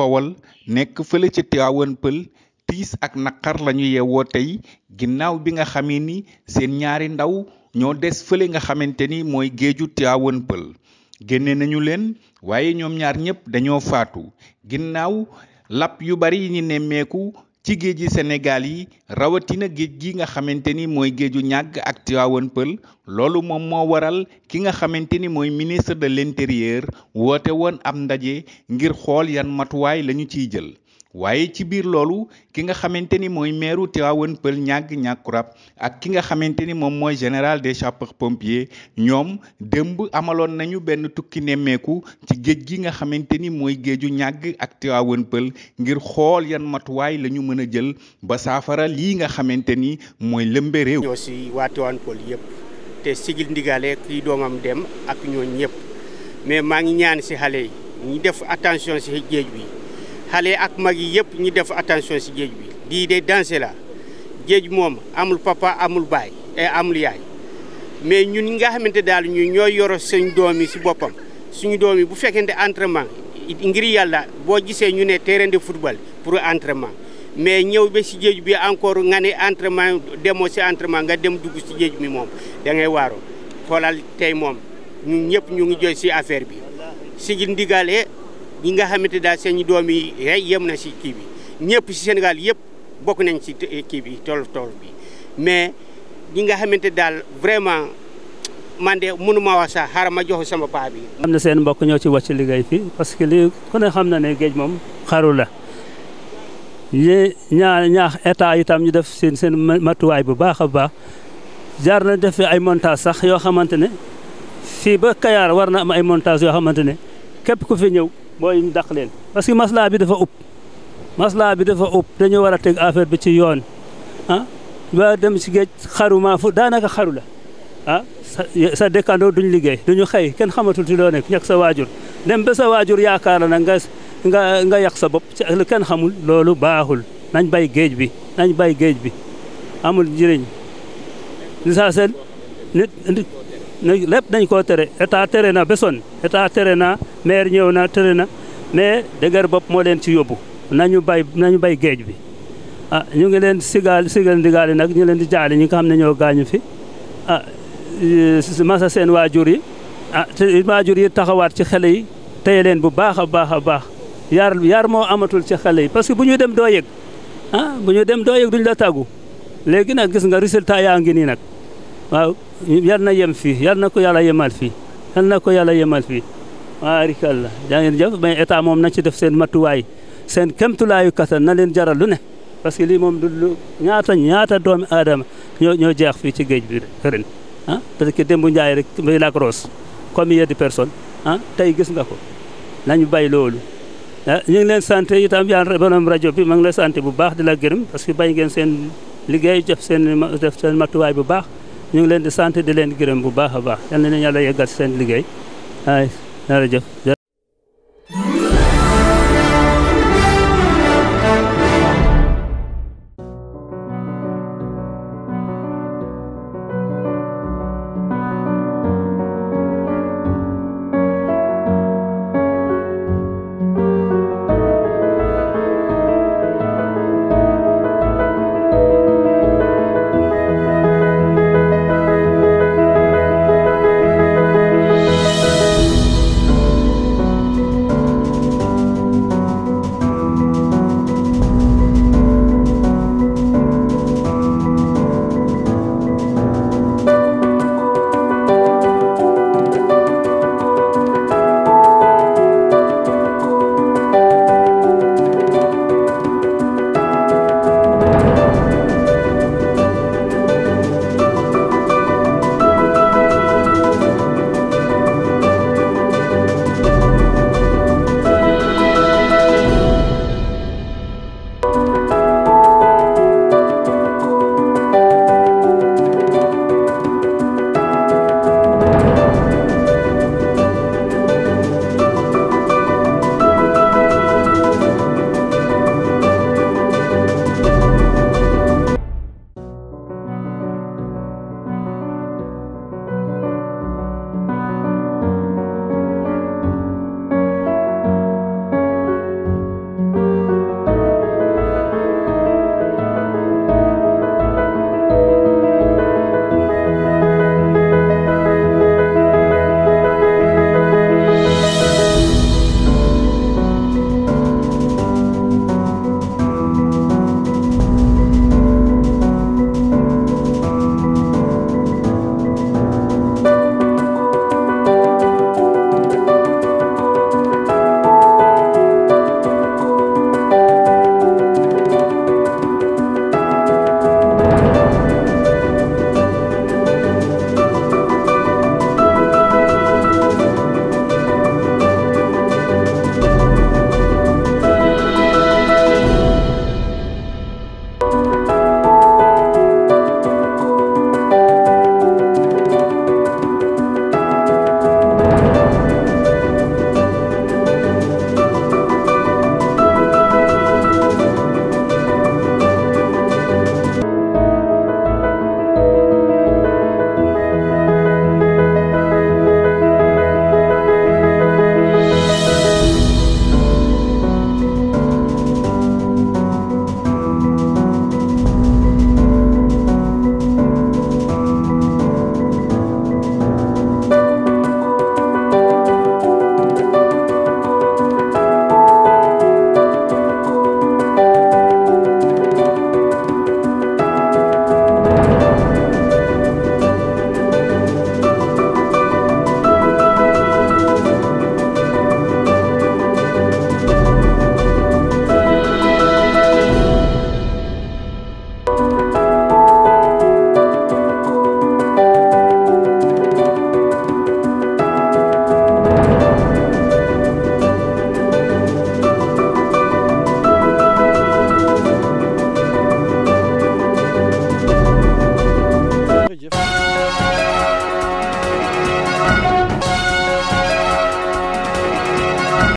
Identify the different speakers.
Speaker 1: bawol nekk fële ca Tiwaawan Pël tiis ak naqar lañu yeewoo tey ginnaaw bi nga xamee ni seen ñaari ndaw ñoo des fële nga xamante ni mooy géeju Tiwaawan Pël génne nañu leen waaye ñoom ñaar ñépp dañoo faatu ginnaaw lap yu bari yi ñu nemmeeku ci géeji Sénégal yi rawatina géej gi nga xamante ni mooy géeju ñàgg ak Tivaouane Peulh loolu moom moo waral ki nga xamante ni mooy ministre de l'intérieur woote woon ab ndaje ngir xool yan matuwaay lañu ciy jël waaye ci biir loolu ki nga xamante ni mooy meeru Tivaouane Peulh ñàgg ñàkkurab ak ki nga xamante ni moom mooy général des sapeurs pompiers ñoom dëmb amaloon nañu benn tukki nemmeeku ci géej gi nga xamante ni mooy géeju ñàgg ak Tivaouane Peulh ngir xool yan matuwaay lañu ñu mën a jël ba saafara lii nga xamante ni mooy lëmbe
Speaker 2: réew. ñoo si waa Tivaouane Peulh yëpp te sigil ndigale kii doomam dem ak ñooñ ñëpp mais maa ngi ñaan si xale yi ñu def attention si géej bi. xale ak mag yi yëpp ñu def attention si géej bi lii de danger la géej moom amul papa amul baay et eh, amul yaay mais ñun nga xamante daal ñu ñooy yoro suñ doom yi si boppam suñu doom yi bu fekkente entraînement ngir yàlla boo gisee ñu ne terrain de football pour entraînement mais ñëw ba si géej bi encore nga ne entraînement demoo si entraînement nga dem dugg si géej bi moom da ngay waaroo xoolal tey moom ñun ñëpp ñu ngi jooy si affaire bi si ndigalee ñi nga xamante daal seen doom yi rey yem na si kii bi ñëpp si Sénégal yëpp bokk nañ si kii bi tool tool bi mais ñi nga xamante daal vraiment man de mënu ma wax sax xaaral ma jox sama
Speaker 3: paa bi. am na seen mbokk ñoo ci wàcc liggéey fii parce que li ku ne xam na ne géej moom xaru la ñi ñaa ñaax état itam ñu def seen seen matuwaay bu baax a baax jaar na def ay montage sax yoo xamante ne fii ba Kayar war na am ay montage yoo xamante ne képp ku fi ñëw. mooy ñu dàq leen parce que maslaa bi dafa ëpp maslaa bi dafa ëpp dañu war a teg affaire bi ci yoon ah ba dem si géej xaru maa fu daanaka xaru la ah sa sa dëkkandoo duñ liggéey duñu xëy kenn xamatul ci loo nekk ñàkk sa waajur dem ba sa waajur yaakaar na nga nga nga yàq sa bopp ci lu kenn xamul loolu baaxul nañ bay géej bi nañ bay géej bi amul njëriñ li saa nit lépp dañ koo tere état tere na besoon état tere na maire ñëw na tere na mais dëgër bopp moo leen ci yóbbu nañu bay nañu bay géej bi a ah, ñu ngi leen sigaal sigal ndigaali nag ñu leen di jaali ñi nga xam ne ñoo gaañu fi ah eh, masa seen waajur yi ah waajur yi taxawaat ci xale yi tey leen bu baax a baax a baax yar yar moo amatul ci xale yi parce que bu ñu dem doo yëg ah bu ñu dem doo yëg duñ la tàggu léegi nag gis nga résultat yaa ngi nii nag waaw ah, yal na yem fi yal na ko yàlla yemal fi yal na ko yàlla yemal fi waarikàlla jaa ngeen jëf mais état moom nañ ci def seen matuwaay seen kemtulaayu kattan na leen jaral lu ne parce que lii moom du lu ñaata ñaata doomi aadama ñoo ñoo jeex fii ci géej bi ren ah parce que démb njaay rek muy la grosse combien de personnes ah tey gis nga ko nañu bàyyi loolu ah ñu ngi leen sant itam yàlla borom rajo bi ma ngi lay bu baax di la gërëm parce que bàyyi ngeen seen liggéey def matuai def bu baax ñu ngi leen di sant di leen gërëm bu baax a baax yal na leen yàlla yeggal seen liggéey ay jërëjëf